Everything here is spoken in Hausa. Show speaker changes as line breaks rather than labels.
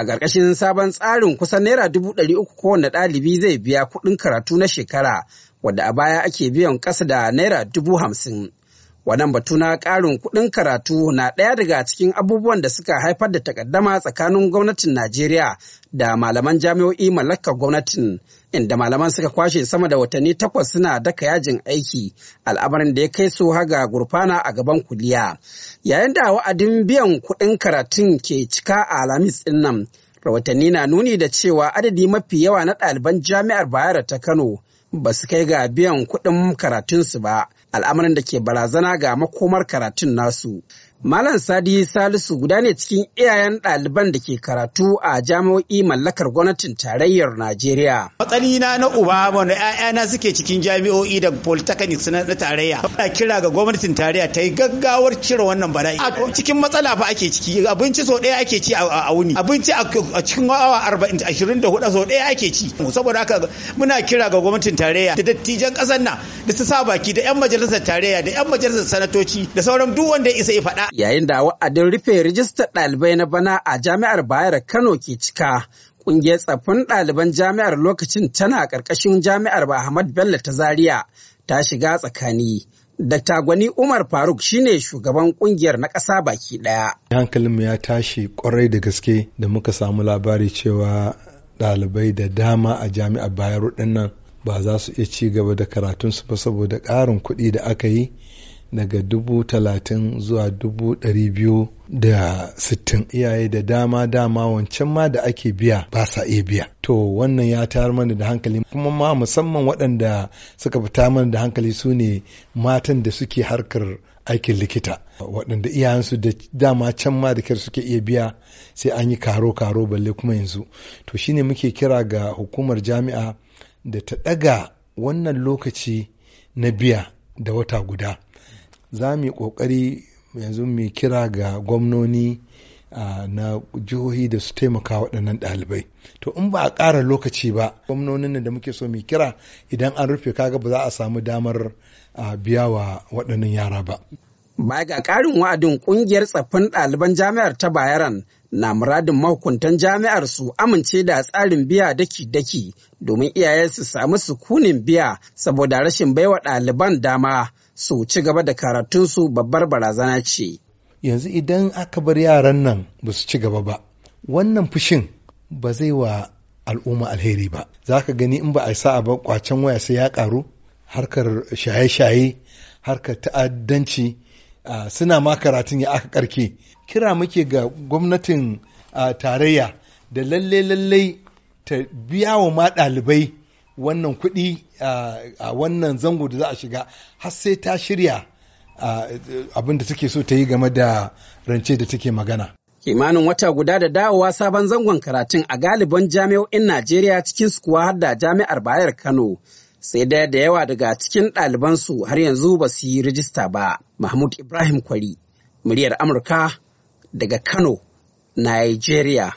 A ƙarƙashin sabon tsarin kusan naira dubu ɗari uku kowane ɗalibi zai biya kuɗin karatu na shekara, wadda a baya ake biyan ƙasa da naira dubu hamsin. Wannan batu na ƙarin kuɗin karatu na ɗaya daga cikin abubuwan da suka haifar da takaddama tsakanin gwamnatin Najeriya da malaman jami'o'i mallakar gwamnatin, inda malaman suka kwashe sama da watanni takwas suna daka yajin aiki, al'amarin da ya kai su haga gurfana a gaban kuliya. Yayin da wa'adin biyan kuɗin karatun ke cika a Alhamis ɗin nan, rahotanni na nuni da cewa adadi mafi yawa na ɗaliban jami'ar Bayero ta Kano ba su kai ga biyan kuɗin karatunsu ba. al'amarin da ke barazana ga makomar karatun nasu Malam Sadi Salisu guda ne cikin iyayen ɗaliban da ke karatu a jami'o'i mallakar gwamnatin tarayyar Najeriya. Matsalina na uba wanda ƴaƴana suke cikin jami'o'i da polytechnics na tarayya. Ba kira ga gwamnatin tarayya ta yi gaggawar cire wannan bala'i. A cikin matsala fa ake ciki abinci sau ɗaya ake ci a wuni abinci a cikin awa arba'in ashirin da hudu sau ɗaya ake ci. Saboda haka muna kira ga gwamnatin tarayya da dattijan ƙasar nan da su sa baki da 'yan majalisar tarayya da 'yan majalisar sanatoci da sauran duk wanda ya isa ya faɗa Yayin da wa'adin rufe rijistar ɗalibai na bana a jami'ar Bayar Kano ke cika, ƙungiyar tsaffin ɗaliban jami'ar lokacin tana ƙarƙashin jami'ar Ahmad Bello ta Zaria ta shiga tsakani. Dr. Gwani Umar Faruk shine shugaban kungiyar na ƙasa baki ɗaya.
Hankalinmu ya tashi kwarai da gaske da muka samu labari cewa ɗalibai da dama a jami'ar Bayero ɗin nan ba za su iya ci gaba da karatunsu ba saboda ƙarin kuɗi da aka yi daga dubu talatin zuwa dubu dari biyu da sittin iyaye da dama dama wancan ma da ake biya ba sa iya biya to wannan ya tayar mana da hankali kuma ma musamman waɗanda suka fita mana da hankali su ne matan da suke harkar aikin likita waɗanda iyayensu da dama can ma da kyar suke iya biya sai an yi karo-karo balle kuma yanzu to shine muke kira ga hukumar jami'a da ta ɗaga wannan lokaci na biya da wata guda za mu yi ƙoƙari yanzu mu kira ga gwamnoni na jihohi da su taimaka waɗannan ɗalibai to in ba a ƙara lokaci ba gwamnonin da muke so mu kira idan an rufe kaga ba za a samu damar biya wa waɗannan yara ba. Baya
ga ƙarin wa'adin ƙungiyar tsaffin ɗaliban jami'ar ta Bayaran na muradin mahukuntan jami'ar su amince da tsarin biya daki-daki domin iyaye su samu sukunin biya saboda rashin baiwa ɗaliban dama su ci gaba da karatunsu babbar
barazana ce. Yanzu idan aka bar yaran nan ba su ci gaba ba, wannan fushin ba zai wa al'umma alheri ba. Za ka gani in ba a sa'a ba kwacen waya sai ya ƙaru, harkar shaye-shaye, harkar ta'addanci. suna ma karatun ya aka karke kira muke ga gwamnatin tarayya da lalle lalle ta biya wa ma ɗalibai wannan kuɗi a wannan zango da za a shiga har sai ta shirya abin da take so ta yi game da rance da take magana.
Kimanin wata guda da dawowa sabon zangon karatun a galibin jami'o'in Najeriya cikin su har da jami'ar Bayar Kano sai dai da yawa daga cikin ɗalibansu har yanzu ba su yi rijista ba. Mahmud Ibrahim Kwari, muryar Amurka daga Kano, Nigeria.